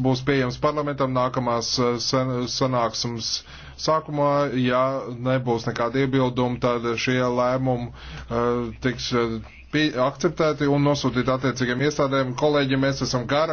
būs pieejams parlamentam nākamās eh, sanāksmes sākumā. Ja nebūs nekāda iebilduma, tad šie lēmumi eh, tiks eh, akceptēti un nosūtīti attiecīgiem iestādēm. Kolēģi, mēs esam gara.